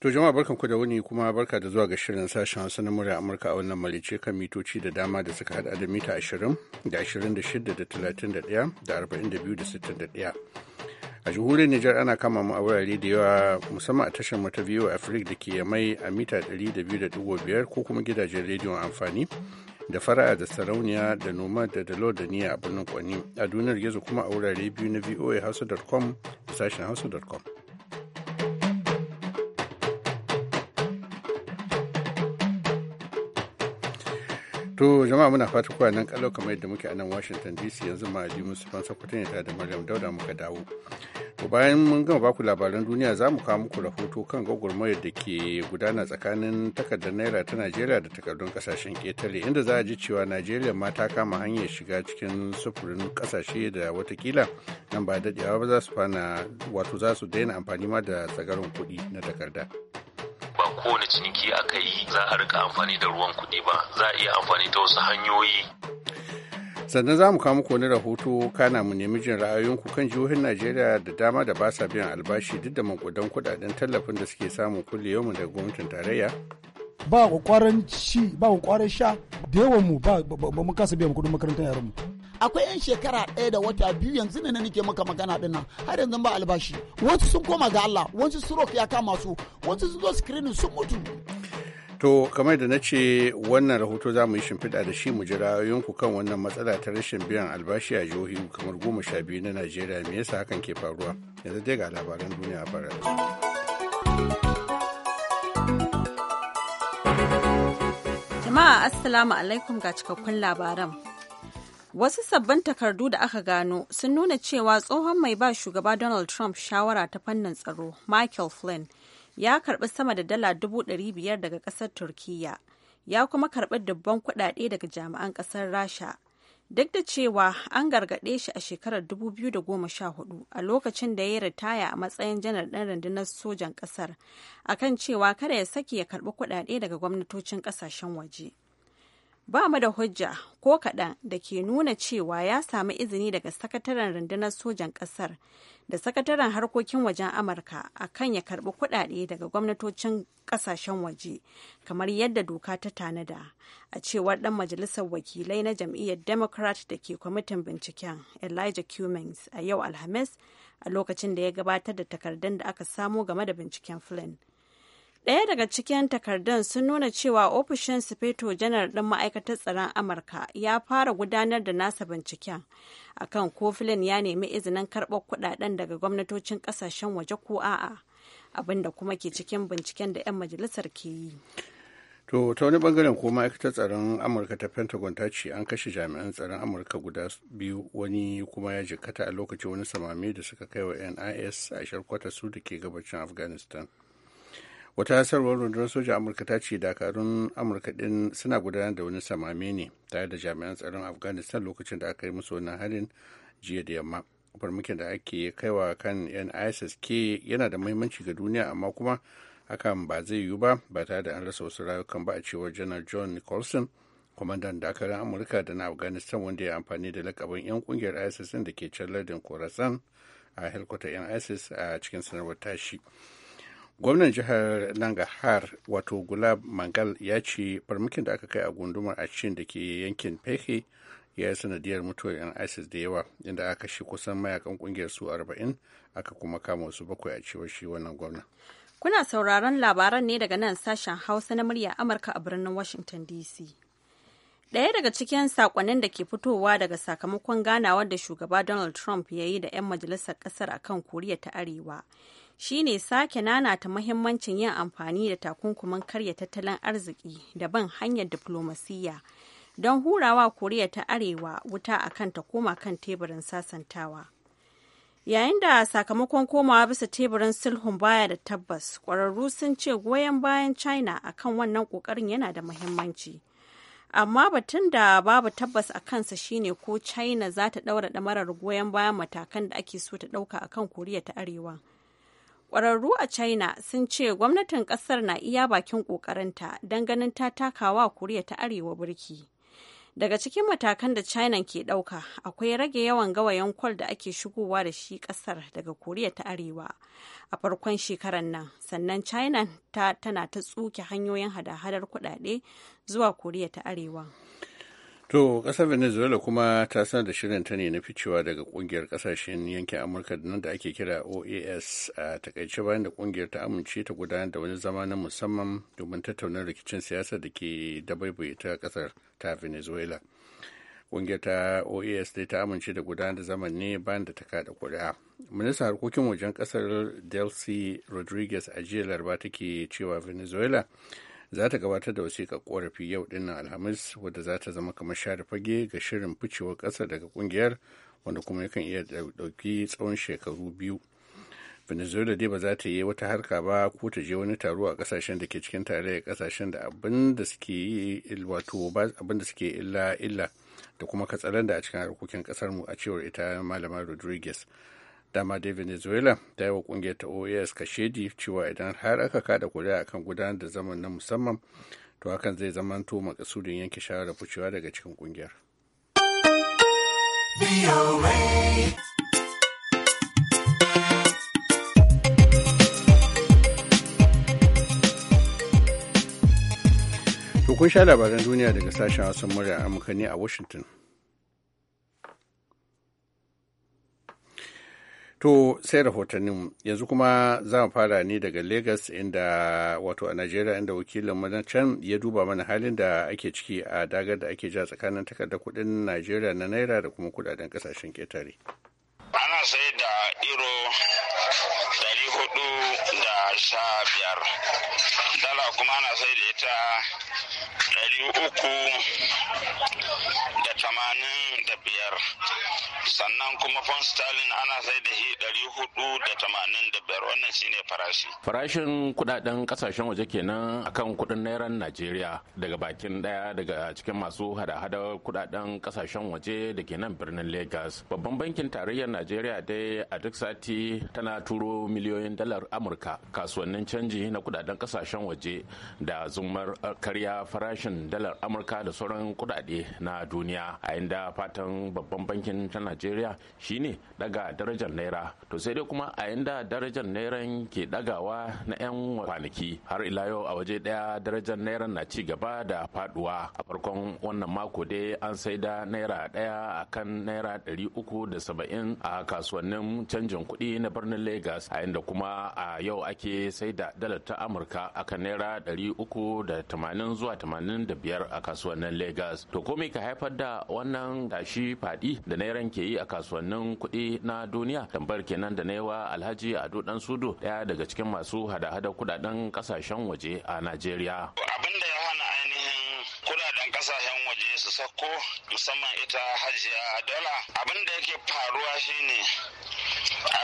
To jama'a barkan ku da wuni kuma barka da zuwa ga shirin sashen Hausa na murya Amurka a wannan malice kan mitoci da dama da suka hada da mita 20 da 26 da 31 da 42 da 61. A jamhuriyar Nijar ana kama mu a wurare da yawa musamman a tashar mu ta VOA Africa da ke mai a mita 200.5 ko kuma gidajen rediyon amfani da fara'a da sarauniya da noma da dalo da niyya a birnin kwani a duniyar gizo kuma a wurare biyu na voa hausa.com da sashen hausa.com To jama'a muna fata kuwa nan kalau kamar yadda muke a nan Washington DC yanzu ma Ali Musulman sakwatin ne tare da Maryam Dauda muka dawo. To bayan mun gama baku labaran duniya za mu kawo muku rahoto kan gwagwarmayar da ke gudana tsakanin takardar naira ta Najeriya da takardun kasashen ketare inda za a ji cewa Najeriya ma ta kama hanyar shiga cikin sufurin kasashe da watakila nan ba daɗewa ba za su fana wato za su daina amfani ma da tsagarin kuɗi na takarda. kowane ciniki aka yi za a rika amfani da ruwan kuɗi ba za a iya amfani ta wasu hanyoyi sannan za mu kawo muku wani rahoto kana mu nemi jin ra'ayoyinku kan jihohin najeriya da dama da ba sa biyan albashi duk da mankudan kudaden tallafin da suke samu kulle yau daga gwamnatin tarayya ba kwakwaran ci sha da yawan mu ba mu kasa biyan kudin makarantar yaran mu akwai yan shekara ɗaya da wata biyu yanzu ne nake maka magana ɗin nan har yanzu ba albashi wasu sun koma ga Allah wasu stroke ya kama su wasu sun zo screening sun mutu To kamar da na ce wannan rahoto za mu yi shimfiɗa da shi mu jira yanku kan wannan matsala ta rashin biyan albashi a jihohi kamar goma sha biyu na Najeriya me yasa hakan ke faruwa yanzu dai ga labaran duniya a fara Jama'a Assalamu alaikum ga cikakkun labaran. Wasu sabbin takardu da aka gano sun nuna cewa tsohon mai ba shugaba Donald Trump shawara ta fannin tsaro Michael Flynn ya karbi sama da dala dubu ɗari biyar daga ƙasar Turkiyya ya kuma karbi dubban kuɗaɗe daga jami'an ƙasar Rasha. Duk da cewa an gargaɗe shi a shekarar 2014 a lokacin da ya ritaya a matsayin janar ɗin rundunar sojan ƙasar akan cewa kada ya sake ya karɓi kuɗaɗe daga gwamnatocin ƙasashen waje. ba mu da hujja ko kaɗan da ke nuna cewa ya samu izini daga sakataren rundunar sojan ƙasar da sakataren harkokin wajen amurka a kan ya karɓi kuɗaɗe daga gwamnatocin ƙasashen waje kamar yadda doka ta tanada a cewar ɗan majalisar wakilai na jam'iyyar democrat da ke kwamitin binciken elijah cummings a yau alhamis a lokacin da ya gabatar da takardun da aka samo game da binciken flynn daya daga cikin takardun sun nuna cewa ofishin Sufeto janar ɗin ma'aikatar tsaron Amurka ya fara gudanar da nasa binciken akan ko filin ya nemi izinin karɓar kuɗaɗen daga gwamnatocin ƙasashen waje ko a'a, abin da kuma ke cikin binciken da 'yan majalisar ke yi. To ta wani bangaren ko ma'aikatar tsaron Amurka ta Pentagon ta ce an kashe jami'an tsaron Amurka guda biyu wani kuma ya jikkata a lokacin wani samami da suka kai wa NIS a sharkwata su da ke gabacin Afghanistan. wata hasarwar rundunar soja amurka ta ce dakarun amurka din suna gudanar da wani samame ne tare da jami'an tsaron afghanistan lokacin da aka yi musu wannan harin jiya da yamma farmakin da ake kaiwa kan yan isis ke yana da muhimmanci ga duniya amma kuma hakan ba zai yiwu ba ba tare da an rasa wasu rayukan ba a cewar janar john nicholson kwamandan dakarun amurka da na afghanistan wanda ya amfani da lakabin yan kungiyar isis da ke can lardin khorasan a helkwatar yan isis a cikin sanarwar tashi gwamnan jihar nangahar wato gulab mangal ya ce farmakin da aka kai a gundumar a cin da ke yankin peke ya yi sanadiyar mutuwar 'yan isis da yawa inda aka shi kusan mayakan kungiyar su 40 aka kuma kama wasu bakwai a cewar shi wannan gwamna kuna sauraron labaran ne daga nan sashen hausa na murya amurka a birnin washington dc Ɗaya daga cikin sakonnin da ke fitowa daga sakamakon ganawar da shugaba Donald Trump ya yi da 'yan majalisar ƙasar akan Koriya ta Arewa shine sake ta mahimmancin yin amfani da takunkumin karya tattalin arziki da ban hanyar diflomasiyya don hurawa koriya ta arewa wuta akan ta koma kan teburin sasantawa yayin da sakamakon komawa bisa teburin sulhun baya da tabbas kwararru sun ce goyon bayan china akan wannan kokarin yana da mahimmanci amma batun da babu tabbas a kansa shine ko china za ta daura ɗamarar goyon bayan matakan da ake so ta ɗauka akan koriya ta arewa kwararru a China sun ce gwamnatin kasar na iya bakin ta don ganin ta takawa Koriya ta Arewa birki. Daga cikin matakan da China ke dauka akwai rage yawan gawayen kwal da ake shigowa da shi kasar daga Koriya ta Arewa a farkon shekarar nan, sannan China ta tana ta tsuke hanyoyin hada-hadar kudade zuwa Koriya ta Arewa. To, ƙasar Venezuela kuma ta sanar da shirin ta ne na ficewa daga ƙungiyar ƙasashen yankin Amurka da nan da ake kira OAS a takaice bayan da ƙungiyar ta amince ta gudanar da wani zama na musamman domin tattauna rikicin siyasa da ke dabaibaye ta ƙasar ta Venezuela. Ƙungiyar ta OAS dai ta amince da gudanar da zaman ne bayan da ta kada kuri'a Ministan harkokin wajen ƙasar Delcy Rodriguez a jiya Laraba take cewa Venezuela za ta gabatar da wasiƙa ƙorafi yau ɗinnan alhamis wadda za ta zama kamar share fage ga shirin ficewar ƙasa daga ƙungiyar wanda kuma yakan iya ɗauki tsawon shekaru biyu venezuela dai ba za ta yi wata harka ba ko ta je wani taro a ƙasashen da ke cikin tarayyar kasashen da abin da suke illa illa da kuma katsalan da a cikin harkokin ƙasar mu a cewar ita malama rodriguez dama dai venezuela ta yi wa kungiyar ta oas kashedi cewa idan har aka kada kuri'a akan gudanar da zaman na musamman to hakan zai zama to makasudin yanke shawarar fucewa daga cikin kungiyar To kun sha labaran duniya daga sashen wasan murya Amurka ne a Washington. To sai rahotannin yanzu kuma za mu fara ne daga lagos inda wato a Najeriya inda wakilin mu can ya duba mana halin da ake ciki a dagar da ake ja tsakanin takardar kuɗin Najeriya na naira da kuma kuɗaɗen ƙasashen ƙetare. Ana sai da iro ɗari hudu da sha biyar. Dala kuma ana sai da ita ɗari uku sannan kuma von stalin ana sai da shi 485 hudu da tamanin wannan shine farashi farashin kudaden kasashen waje kenan akan kudin nairan najeriya daga bakin daya daga cikin masu hada-hada kudaden kasashen waje da ke nan birnin lagos babban bankin tarayyar najeriya dai a duk sati tana turo miliyoyin dalar amurka kasuwannin canji na kudaden kasashen waje da zumar karya farashin dalar amurka da sauran kudade na duniya a inda fatan babban bankin ta najeriya shine daga darajar naira to sai dai kuma a inda darajar naira ke dagawa na 'yan kwanaki har ila yau a waje daya darajar naira na ci gaba da faduwa a farkon wannan mako dai an sai da naira daya akan naira uku da saba'in a kasuwannin canjin kuɗi na birnin lagos a inda kuma a yau ake sai da dalar ta amurka akan naira 380 zuwa 85 a kasuwannin Lagos. To komai ka haifar da wannan tashi fadi da nairan ke yi a kasuwannin kuɗi na duniya? Tambar kenan da naiwa Alhaji Ado Dan Sudu ɗaya daga cikin masu hada-hada kudaden kasashen waje a Najeriya. Abin da ya wani ainihin kudaden kasashen waje waje su sako musamman ita hajiya a dala abin da yake faruwa shine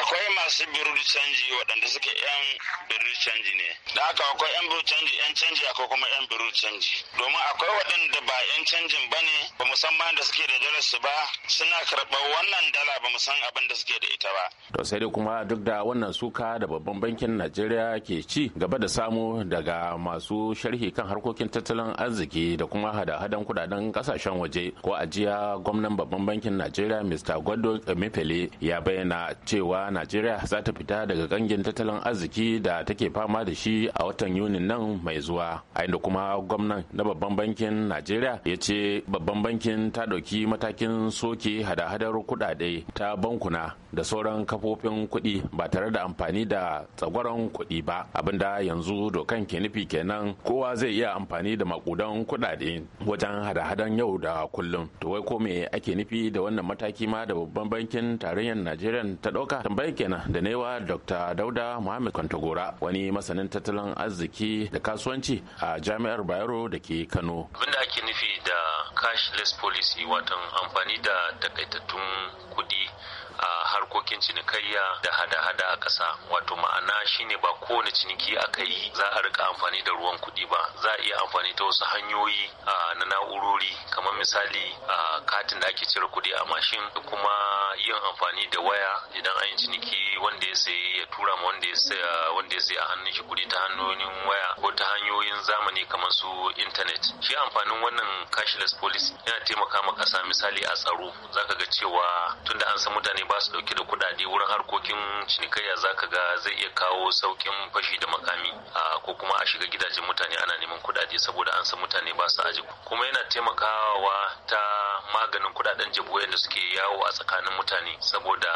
akwai masu biru canji waɗanda suke yan biru canji ne da haka akwai yan biru canji yan canji akwai kuma yan biru canji domin akwai waɗanda ba yan canjin ba ne ba musamman da suke da dala su ba suna karɓar wannan dala ba mu san abin da suke da ita ba to sai dai kuma duk da wannan suka da babban bankin najeriya ke ci gaba da samu daga masu sharhi kan harkokin tattalin arziki da kuma hada-hadan kudaden dakarun kasashen waje ko ajiya gwamnan babban bankin najeriya mr gwado emefele ya bayyana cewa najeriya za ta fita daga gangin tattalin arziki da take fama da shi a watan yuni nan mai zuwa a inda kuma gwamnan na babban bankin najeriya ya ce babban bankin ta ɗauki matakin soke hada-hadar kuɗaɗe ta bankuna da sauran kafofin kuɗi ba tare da amfani da tsagwaron kuɗi ba abinda yanzu dokan ke nufi kenan kowa zai iya amfani da makudan kuɗaɗe wajen hada hadan yau da kullum to wai ko me ake nufi da wannan mataki ma da babban bankin tarayyar najeriya ta dauka tambayar kenan da newa dr dauda muhammad Kantogora wani masanin tattalin arziki da kasuwanci a jami'ar bayero da ke kano abinda ake nufi da cashless policy watan amfani da takaitattun kuɗi. a harkokin cinikayya da hada-hada a ƙasa wato ma'ana shine ba kowane ciniki aka yi za a rika amfani da ruwan kuɗi ba za a iya amfani ta wasu hanyoyi na na'urori kamar misali a katin da ake cire kuɗi a mashin da kuma yin amfani da waya idan an yi ciniki wanda ya sayi ya tura ma wanda ya saya wanda ya sayi a hannun shi kuɗi ta hanyoyin waya ko ta hanyoyin zamani kamar su intanet shi amfanin wannan cashless policy yana taimaka ma ƙasa misali a tsaro zaka ga cewa tunda an san mutane ba su dauke da kudade wurin harkokin cinikayya zaka ga zai iya kawo saukin fashi da makami ko kuma a shiga gidajen mutane ana neman kudade saboda an san mutane ba su aji kuma yana taimakawa ta maganin kudaden jabu da suke yawo a tsakanin mutane saboda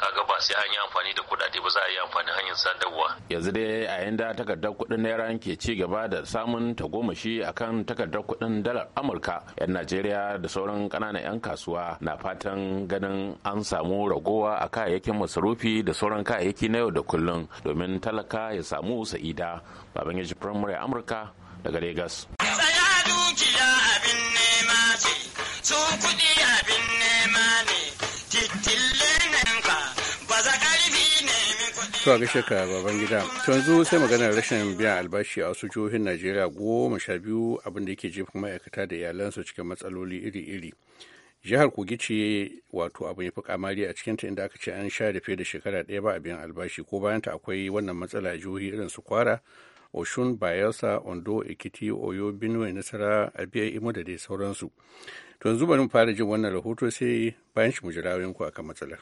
kaga ba sai an yi amfani da kudade ba za a yi amfani hanyar sadarwa yanzu dai a yanda takardar kudin naira ke ci gaba da samun tagomashi akan takardar kudin dalar amurka yan najeriya da sauran kananan yan kasuwa na fatan ganin an samu ragowa a kayayyakin masarufi da sauran kayayyaki na yau da kullum domin talaka ya samu sa'ida baban yaji firamare amurka daga lagos tsaya dukiya abin nema su kuɗi abin nema ne baban gida to yanzu sai maganar rashin biyan albashi a wasu jihohin najeriya goma sha biyu abinda yake jefa ma'aikata da iyalansu cikin matsaloli iri-iri jihar kogi ce wato abu ya fi kamari a cikinta inda aka ce an sha fiye da shekara ɗaya ba a biyan albashi ko bayan ta akwai wannan matsala a jihohi irin su kwara oshun bayelsa ondo ekiti oyo benue nasara abia imo da dai sauransu to yanzu bari mu fara jin wannan rahoto sai bayan shi mu jira ku akan matsalar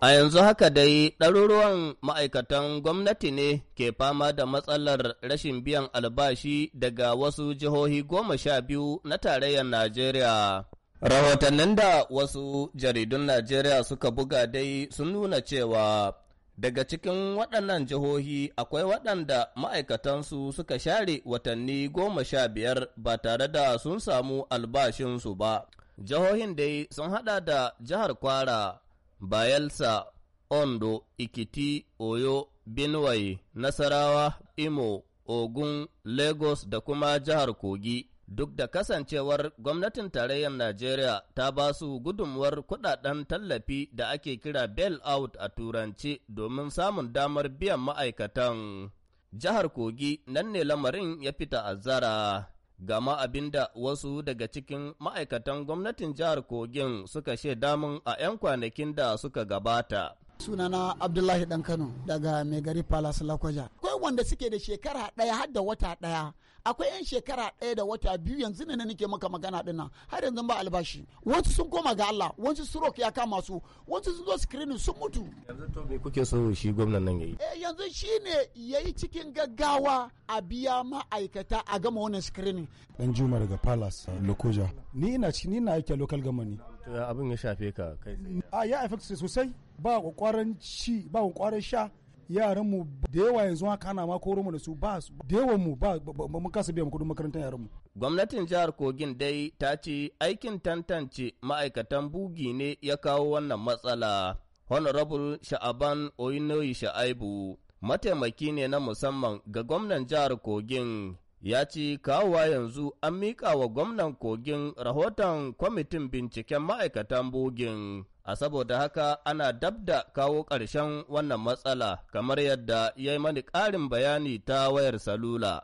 A yanzu haka dai ɗaruruwan ma'aikatan gwamnati ne ke fama da matsalar rashin biyan albashi daga wasu jihohi goma sha biyu na tarayyar Najeriya. Rahotannin da wasu jaridun Najeriya suka buga dai sun nuna cewa daga cikin waɗannan jihohi akwai waɗanda ma'aikatansu suka share watanni goma sha biyar ba tare da sun samu albashinsu ba. Jihohin dai sun haɗa da jihar Kwara, Bayelsa, Ondo, Ikiti, Oyo, Benue, Nasarawa, Imo, Ogun, Lagos da kuma jihar Kogi. duk da kasancewar gwamnatin tarayyar Najeriya ta ba su gudunmuwar kudaden tallafi da ake kira bail-out a turanci domin samun damar biyan ma'aikatan. Jihar Kogi nan ne lamarin ya fita azara. Gama abin da wasu daga cikin ma'aikatan gwamnatin jihar Kogin suka damun a 'yan kwanakin da suka gabata. sunana abdullahi dan kano daga mai palace lakwaja akwai wanda suke da shekara ɗaya har da wata ɗaya akwai yan shekara ɗaya da wata biyu yanzu ne nake maka magana ɗin nan har yanzu ba albashi wasu sun koma ga Allah wasu stroke ya kama su wasu sun zo screening sun mutu yanzu to me kuke so shi gwamnan nan yayi eh yanzu shine yayi cikin gaggawa a biya ma'aikata a gama wannan screening dan Juma daga Palace uh, Lokoja ni ina ni na aiki local government abin ya shafe ka kai a ah, ya affect sosai ba kwakwaran ci ba kwakwaran sha yaran mu da yawa yanzu haka ana ma koro mu da su ba da yawan mu ba mun kasa biyan kudin makarantar yaran mu gwamnatin jihar Kogin dai ta ce aikin tantance ma'aikatan bugi ne ya kawo wannan matsala honorable sha'aban oyinoyi sha'aibu mataimaki ne na musamman ga gwamnan jihar Kogin ya ce kawowa yanzu an miƙa wa gwamnan Kogin rahoton kwamitin binciken ma'aikatan bugin a saboda haka ana dab da kawo ƙarshen wannan matsala kamar yadda ya yi mani ƙarin bayani ta wayar salula.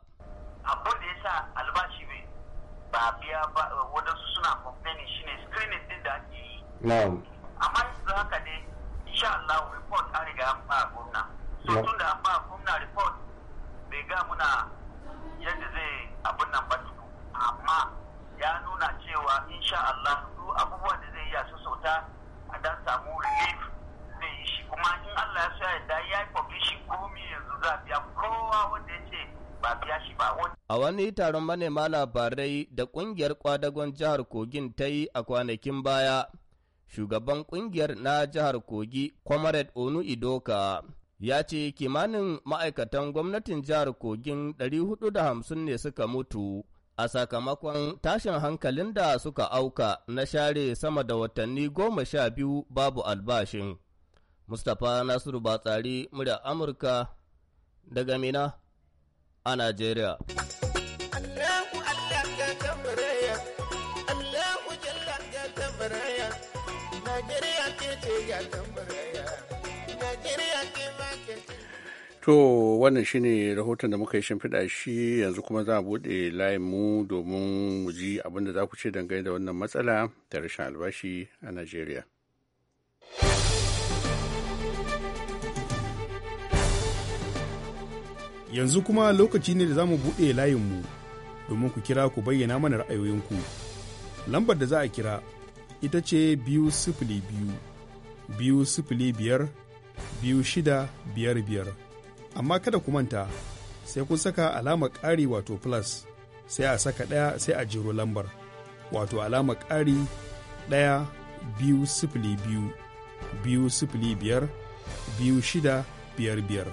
Abin da ya sa albashi bai ba biya ba wadansu suna shi ne screening din da ake yi. Amma yanzu haka ne insha Allah report an riga an ba gwamna. So tun da an ba gwamna report bai ga muna yadda zai abin nan ba amma ya nuna cewa insha Allah duk abubuwan da zai yi a sassauta a dan samu relief zai yi shi kuma in Allah ya so ya ya yi publishing komi yanzu za biya kowa wanda ya ce ba biya shi ba A wani taron manema labarai da ƙungiyar kwadagon jihar Kogin ta yi a kwanakin baya, shugaban ƙungiyar na jihar Kogi, Comrade Onu Idoka, ya ce kimanin ma'aikatan gwamnatin jihar Kogin 450 ne suka mutu. a sakamakon tashin hankalin da suka auka na share sama da watanni goma sha biyu babu albashin. Mustapha Nasiru Batsari, murya Amurka daga Mina a Najeriya. Najeriya ke ce ya To wannan shi ne rahoton da muka yi shimfiɗa shi yanzu kuma za a buɗe layin mu domin mu ji abin da za ku ce dangane da wannan matsala da rashin albashi a Najeriya. Yanzu kuma lokaci ne da za mu buɗe mu domin ku kira ku bayyana mana ra'ayoyinku. Lambar da za a kira ita ce biyu sifili biyu, biyu sifili biyar, biyu shida biyar biyar. amma kada ku manta sai kun saka alama ƙari wato plus sai a saka ɗaya sai a jiro lambar wato alama ƙari ɗaya biyu sifili biyu biyu sifili biyar biyu shida biyar biyar.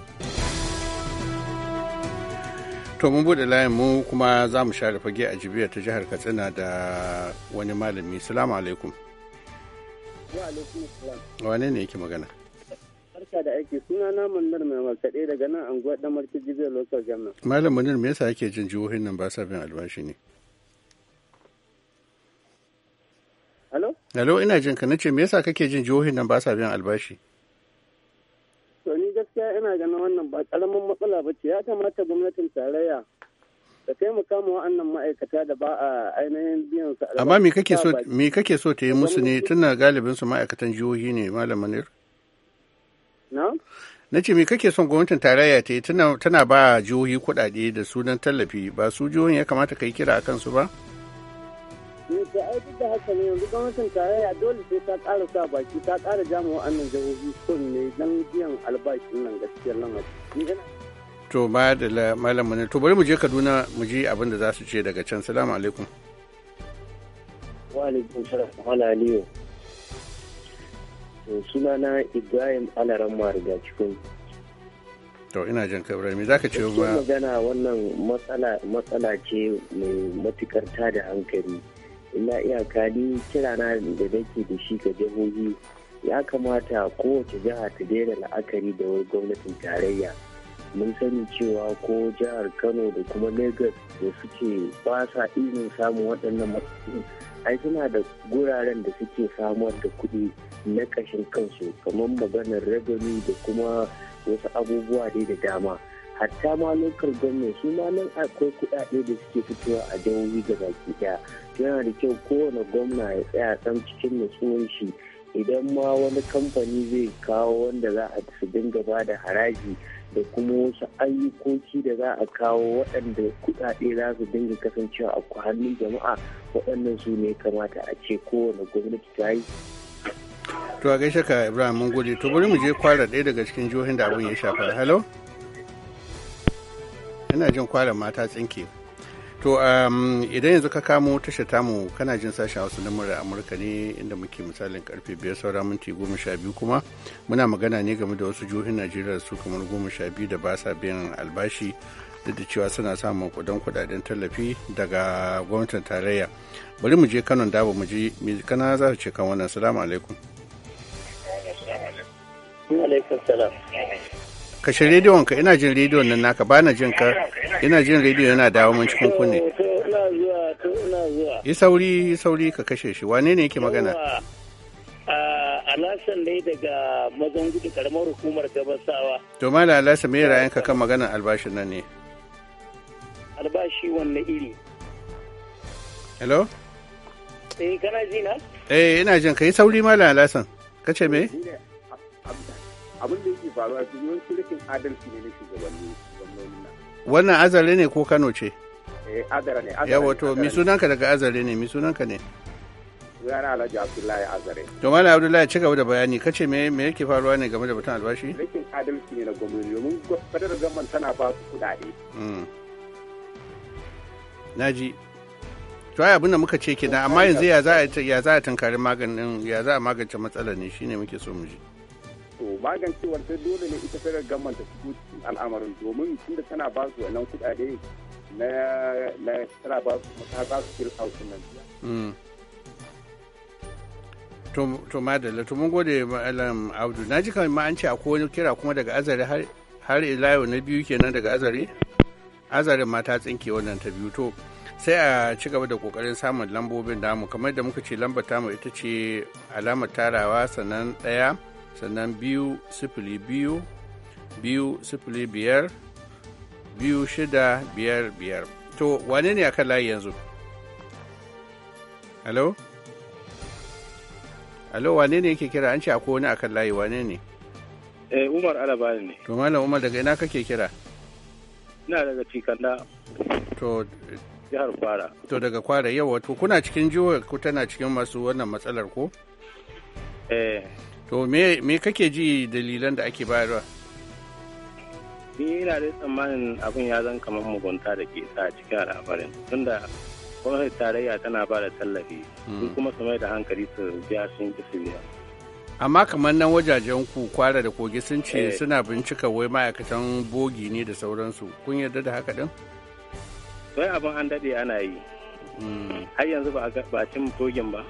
to mun buɗe layin mu kuma za mu share fage a jibiya ta jihar katsina da wani malami salamu alaikum wane ne yake magana barka da aiki suna na munir mai markaɗe daga nan anguwa ɗan marki jibiyar lokal jamna Malam munir me yasa ake jin jihohin nan ba sa bin albashi ne? Halo? Halo ina jin ka nace me yasa kake jin jihohin nan ba sa bin albashi? To ni gaskiya ina ganin wannan ba karamin matsala ba ce ya kamata gwamnatin tarayya da kai mu kama wa'annan ma'aikata da ba a ainihin biyan su. Amma me kake so me kake so ta yi musu ne tunda galibin su ma'aikatan jihohi ne malam Munir? na ce me kake son gwamnatin tarayya ta yi tana ba jihohi kuɗaɗe da sunan tallafi ba su jihohin ya kamata ka yi kira a kansu ba da eh, ai duk da haka ne yanzu gwamnatin tarayya dole sai ta ƙara sa baki ta ƙara jama wa'annan jihohi sun ne don biyan albashin nan gaskiya? lamari to ba da malam ne to bari mu je kaduna mu ji abin da za su ce daga can salamu alaikum wa alaikum salam wa aliyu sunana ibrahim alaramma mariga cikin to ina jin kabra me zaka ce ba magana wannan matsala matsala ce mai matukar da hankali ina iya ni kira da nake da shi ga jihohi ya kamata kowace jiha ta daina la'akari da wani gwamnatin tarayya mun sani cewa ko jihar kano da kuma lagos da suke ba sa izin samun waɗannan matsalolin ai suna da guraren da suke samar da kuɗi na ƙashin kansu kamar maganar ragani da kuma wasu abubuwa dai da dama hatta ma lokar gwamnati su ma nan akwai kuɗaɗe da suke fitowa a jihohi da baki ɗaya yana da kyau kowane gwamna ya tsaya sam cikin nutsuwan shi idan ma wani kamfani zai kawo wanda za a su dinga ba da haraji da kuma wasu ayyukoki da za a kawo waɗanda kuɗaɗe za su dinga kasancewa a hannun jama'a waɗannan su ne kamata a ce kowane gwamnati ta yi to a gaishe ka ibrahim mun gode to bari mu je kwara ɗaya daga cikin jihohin da abin ya shafa hello ina jin kwara mata tsinke To um, idan yanzu ka kamo tashar tamu kana jin sashen hausa na murar Amurka ne inda muke misalin karfe biyar saura minti goma sha biyu kuma muna magana ne game da wasu jihohin Najeriya su kamar goma sha biyu da basa sa biyan albashi duk da cewa suna samun kudan kudaden tallafi daga gwamnatin tarayya. Bari mu je Kano dabo mu je me kana za su ce kan wannan salamu alaikum. kashe rediyon ka ina jin rediyon nan naka ba na jin ka ina jin rediyon yana dawo mun cikin kunne yi sauri yi sauri ka kashe shi wane ne yake magana alasan ne daga mazan karamar hukumar gabasawa to mala alasan mai rayan ka kan maganar albashin nan ne albashi wanne iri hello eh kana ji na eh ina jin ka yi sauri mala alasan kace me abin da yake faruwa su yawanci rikin adalci ne na shugabanni wannan azare ne ko kano ce eh azare ne azare yawa mi sunanka daga azare ne mi sunanka ne Zana Alhaji Abdullahi Azare. To Malam Abdullahi ci gaba da bayani kace me me yake faruwa ne game da batun albashi? Rikin adalci ne na gwamnati domin fadar zaman tana ba su kudade. Hmm. Naji. to ai abin da muka ce kenan amma yanzu ya za a ya za a tunkarin maganin ya za a magance matsalar ne shine muke so mu ji to magancewar sai dole ne ita federal government ta shigo cikin al'amarin domin tunda tana ba su wannan kuɗaɗe na na tana ba su mata ba su kira house nan mm. to madalla to mun gode ma'alam abdu na ji kamar ma'anci an ce kira kuma daga azare har ila yau na biyu kenan daga azare azare ma ta tsinke wannan ta biyu to sai a ci gaba da kokarin samun lambobin damu kamar da muka ce lambar tamu ita ce alamar tarawa sannan ɗaya sannan biyu sifili biyu biyu sifili biyar biyu shida biyar biyar to wane ne akan layi yanzu hello hello wane ne yake kira an ce akwai wani akan layi wane ne eh umar alabani ne to malam umar daga ina kake kira ina daga cikanda to jihar kwara to daga kwara yau to kuna cikin jiwa ku tana cikin masu wannan matsalar ko eh to me me kake ji dalilan da ake bayarwa ni ina da tsammanin abin ya zan kamar mugunta da ke sa cikin al'amarin tunda gwamnatin tarayya tana ba da tallafi su hmm. kuma su mai da hankali su biya sun ki amma kamar nan wajajen ku kwara da kogi sun ce eh. suna bincika wai ma'aikatan bogi ne da sauransu kun yarda da haka din wai abin an daɗe ana yi hmm. har yanzu ba a cin bogin ba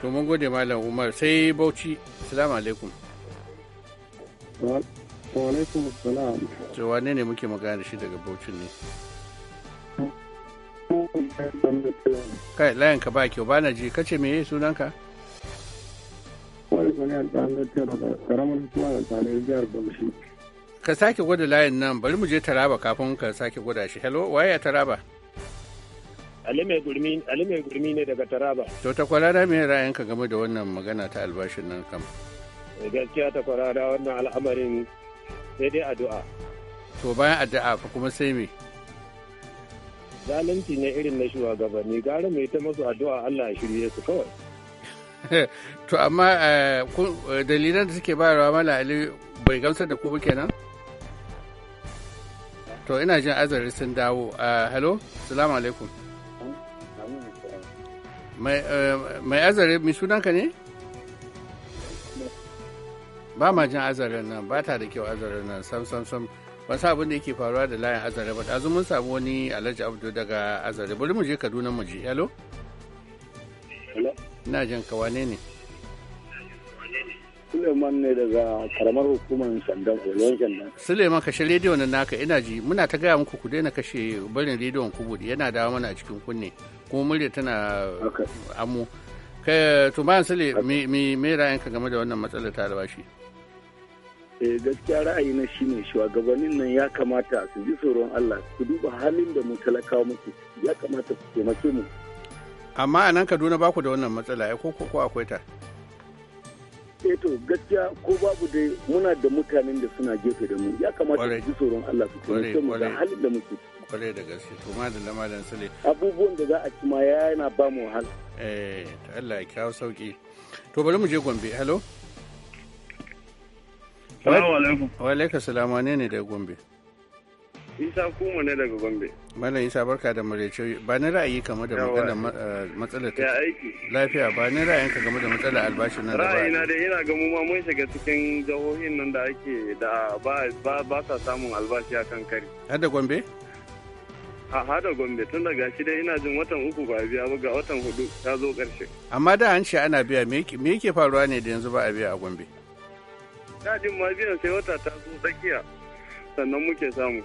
to mun gode malam umar sai bauchi assalamu alaikum to wane ne muke magana da shi daga bauchin ne kai layan ka ba kyau ba na ji kace me yi sunanka ka sake gwada layin nan bari mu je taraba kafin ka sake gwada shi hello Waya taraba Ali mai gurmi ne daga Taraba. To ta kwarara me ra'ayinka game da wannan magana ta albashin nan kam? Eh, gaskiya ta kwarara wannan al'amarin sai dai addu'a. To bayan addu'a fa kuma sai me? Zalunci ne irin na shugabanni gara mai ta masu addu'a Allah ya shirye su kawai. to amma eh, eh, dalilan da suke bayarwa mala ali bai gamsar da ku kenan to ina jin azari sun dawo hello salamu alaikum Eh, mai azare mai sunanka ne ba ma jin azare nan ba ta da kyau azare nan sam sam sam ban abin da yake faruwa da layin azare ba ɗazu mun samu wani alhaji abdu daga azare bari mu je kaduna mu je, yalo? ina jin kawane ne Suleiman ne daga karamar hukumar Sandan Olon Sandan. Suleiman kashe rediyo na naka ina ji muna ta gaya muku ku daina kashe barin rediyon ku bude yana dawo mana a cikin kunne kuma murya tana amu. Kai to bayan Sule me me ra'ayinka game da wannan matsalar ta albashi? eh gaskiya ra'ayi na shi shiwa shugabannin nan ya kamata su ji tsoron Allah su duba halin da mu talakawa muke ya kamata su taimake mu amma a nan Kaduna ba ku da wannan matsala ai ko ko akwai ta eto eh, gaskiya ko babu dai muna da mutanen da suna gefe da mu ya kamata su ji tsoron Allah su kuma mu da halin da muke kwarai da gaske to madalla malam sule abubuwan da za a ci ma yana ba mu hal eh to Allah ya kawo sauki to bari mu je Gombe hello Salamu alaikum. Wa alaikum salam ne ne da Gombe. isa kuma ne daga gombe malam isa barka da marece ba ni ra'ayi game da eh, matsalar ta lafiya ba ni ra'ayin ka game da matsalar albashin nan da ba ra'ayina da ina ga mu ma mun shiga cikin jihohin nan da ake da ba ba sa samun albashi a kan kari har da gombe a hada gombe tun daga shi dai ina jin watan uku ba biya ba ga watan hudu ta zo karshe amma da an ce ana biya me yake faruwa ne da yanzu ba a biya a gombe da jin ma biyan sai wata ta zo tsakiya sannan muke samu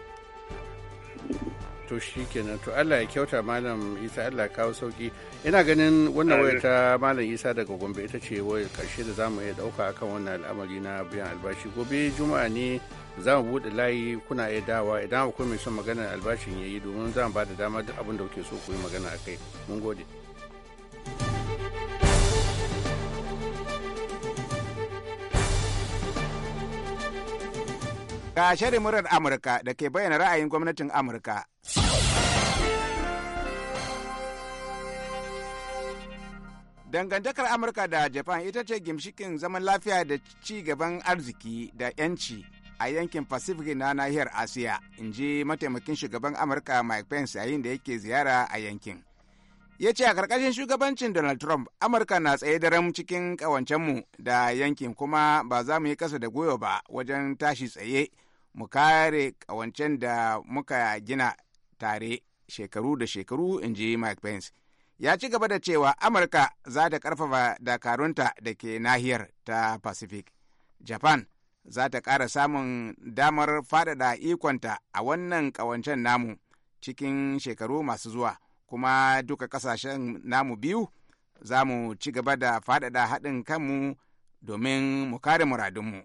to shi kenan to Allah ya kyauta malam Isa Allah ya kawo sauki ina ganin wannan waya ta malam Isa daga Gombe ita ce waya karshe da zamu iya dauka akan wannan al'amari na biyan albashi gobe juma'a ne za mu buɗe layi kuna iya dawa idan akwai mai son maganar albashin yayi domin za mu ba da dama duk abin da kuke so ku yi magana akai mun gode Ga shirin murar Amurka da ke bayyana ra'ayin gwamnatin Amurka. Dangantakar Amurka da Japan ita ce gimshikin zaman lafiya da ci gaban arziki da 'yanci a yankin Pacific na nahiyar Asiya, in ji mataimakin shugaban Amurka Mike Pence yayin da yake ziyara a yankin. Ya ce a ƙarƙashin shugabancin Donald Trump, Amurka na tsaye daren cikin ƙawancenmu da yankin kuma ba za mu yi ƙasa da goyo ba wajen tashi tsaye. mu kare kawancen da muka gina tare shekaru da shekaru in ji mike pence ya ci gaba da cewa amurka za ta karfafa dakarunta da ke nahiyar ta pacific japan za ta ƙara samun damar faɗaɗa ikonta a wannan ƙawancen namu cikin shekaru masu zuwa kuma duka ƙasashen namu biyu za mu ci gaba da faɗaɗa haɗin kanmu domin mu kare muradunmu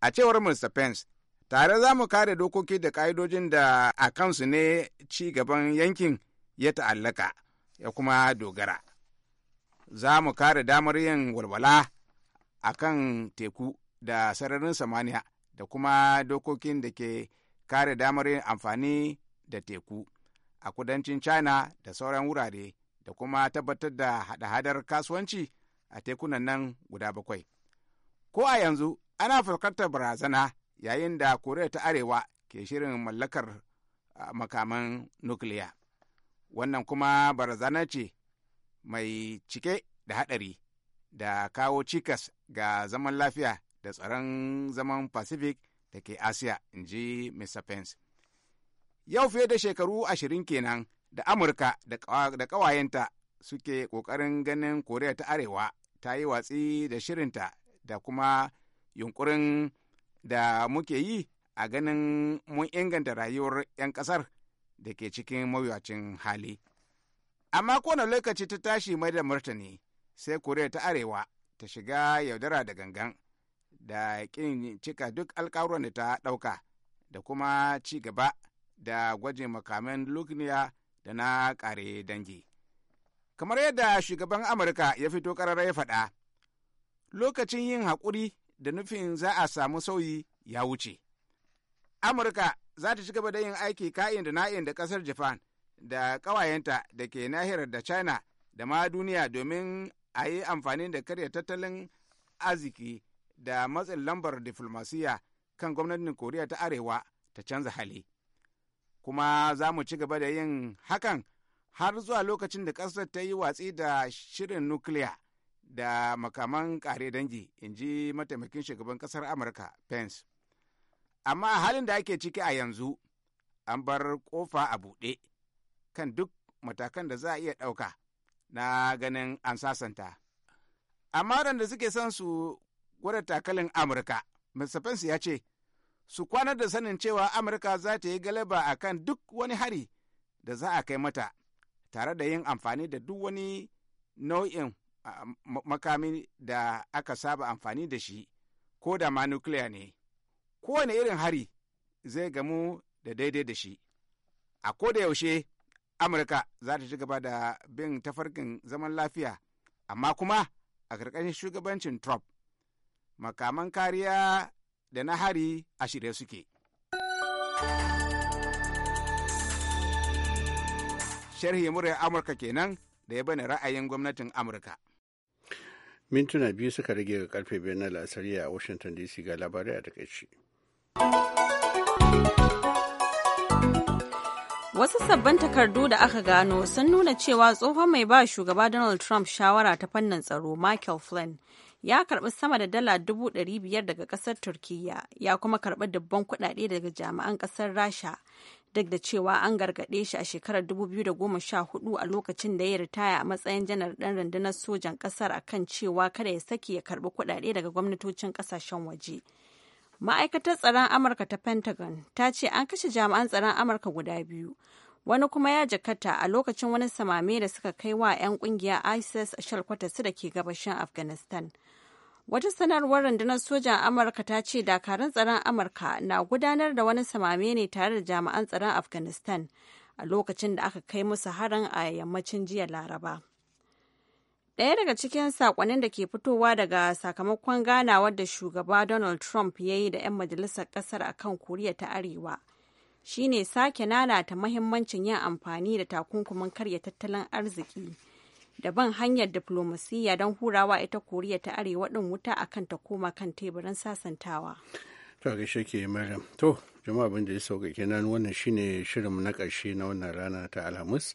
a cewar mr pence Tare za mu kare dokoki da ka'idojin da a kansu ne ci gaban yankin ya ta'allaka ya kuma dogara. Za mu kare damar yin walwala a kan teku da sararin samaniya da kuma dokokin da ke kare damar yin amfani da teku a kudancin China da sauran wurare da kuma tabbatar da hada-hadar kasuwanci a tekunan nan guda bakwai. Ko a yanzu ana fuskantar barazana yayin da koriya ta arewa ke shirin mallakar makaman nukiliya wannan kuma barazana ce mai cike da haɗari da kawo cikas ga zaman lafiya da tsaron zaman pacific da ke asiya in ji mr pence yau fiye da shekaru ashirin kenan da amurka da ƙawayenta suke ƙoƙarin ganin koriya ta arewa ta yi watsi da shirinta da kuma yunkurin da muke yi a ganin mun inganta rayuwar 'yan ƙasar da ke cikin mawuyacin hali. Amma kowane lokaci ta tashi mai da martani sai Koriya ta Arewa ta shiga yaudara da gangan da ƙin cika duk alkawuran da ta ɗauka da kuma ci gaba da gwajin makaman lukniya da na ƙare dangi. Kamar yadda shugaban Amurka ya fito ƙararra ya faɗa, lokacin yin haƙuri da nufin za a samu sauyi ya wuce. Amurka za ta ci gaba da yin aiki ka'in da na'in da ƙasar Japan da ƙawayenta da ke nahiyar da China da ma duniya domin a yi amfani da karya tattalin arziki da matsin lambar diflomasiya kan gwamnatin Koriya ta Arewa ta canza hali. Kuma za mu ci gaba da yin hakan har zuwa lokacin da ƙasar ta yi watsi da shirin nukiliya da makaman kare dangi in ji mataimakin shugaban kasar amurka pence amma a halin da ake ciki a yanzu an bar kofa a buɗe kan duk matakan da za a iya ɗauka na ganin an sasanta amma waɗanda suke son su gwada takalin amurka mr pence ya ce su kwanar da sanin cewa amurka za ta yi galaba a kan duk wani hari da za a kai mata tare da yin amfani da duk wani nau'in makami da aka saba amfani da shi ko da ma nukiliya ne kowane irin hari zai gamu da daidai da shi a koda yaushe amurka za ta ci gaba da bin tafarkin zaman lafiya amma kuma a ƙarƙashin shugabancin trump makaman kariya da na hari a shirye suke sharhi murya amurka kenan da ya bani ra'ayin gwamnatin amurka mintuna biyu suka rage ga karfe biyar na la'asari a washington dc ga labarai a takaici Wasu sabbin takardu da aka gano sun nuna cewa tsohon mai ba shugaba Donald Trump shawara ta fannin tsaro Michael Flynn ya karbi sama da dala dubu ɗari biyar daga kasar Turkiyya ya kuma karbi dubban kuɗaɗe daga jami'an ƙasar Rasha duk da cewa an gargaɗe shi a shekarar 2014 a lokacin da ya ritaya a matsayin janar ɗan rundunar sojan ƙasar kan cewa kada ya saki ya karɓi kuɗaɗe daga gwamnatocin ƙasashen waje. Ma'aikatar tsaron Amurka ta Pentagon ta ce an kashe jami'an tsaron Amurka guda biyu. Wani kuma ya jakata a lokacin wani samame da suka kai wa 'yan ƙungiyar ISIS a shalkwatarsu da ke gabashin Afghanistan. Wata sanarwar rundunar sojan Amurka ta ce dakarun tsaron Amurka na gudanar da wani samame ne tare da jami'an tsaron Afghanistan a lokacin da aka kai musu harin a yammacin jiya Laraba. Ɗaya daga cikin saƙonnin da ke fitowa daga sakamakon ganawar da shugaba Donald Trump ya yi da 'yan majalisar ƙasar a kan Koriya ta Arewa. shine sake nanata mahimmancin yin amfani da takunkumin karya tattalin arziki da ban hanyar diflomasiyya don hurawa ita koriya ta arewa ɗin wuta akan ta koma kan teburin sasantawa to gaishe ke maryam to jama'a abin da ya sauka kenan wannan shine shirinmu na karshe na wannan rana ta alhamis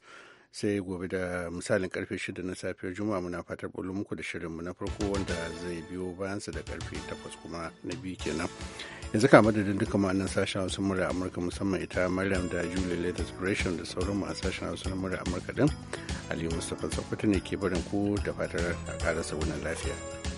sai gobe da misalin karfe 6 na safiyar juma'a muna fatar bulu muku da shirinmu na farko wanda zai biyo bayansa da karfe 8 kuma na biyu kenan yanzu ka madadin duka ma'anin sashen wasu murya amurka musamman ita maryam da julie latest creation da sauran mu a sashen wasu murya amurka din aliyu mustapha sokoto ne ke barin ku da fatar a karasa wunan lafiya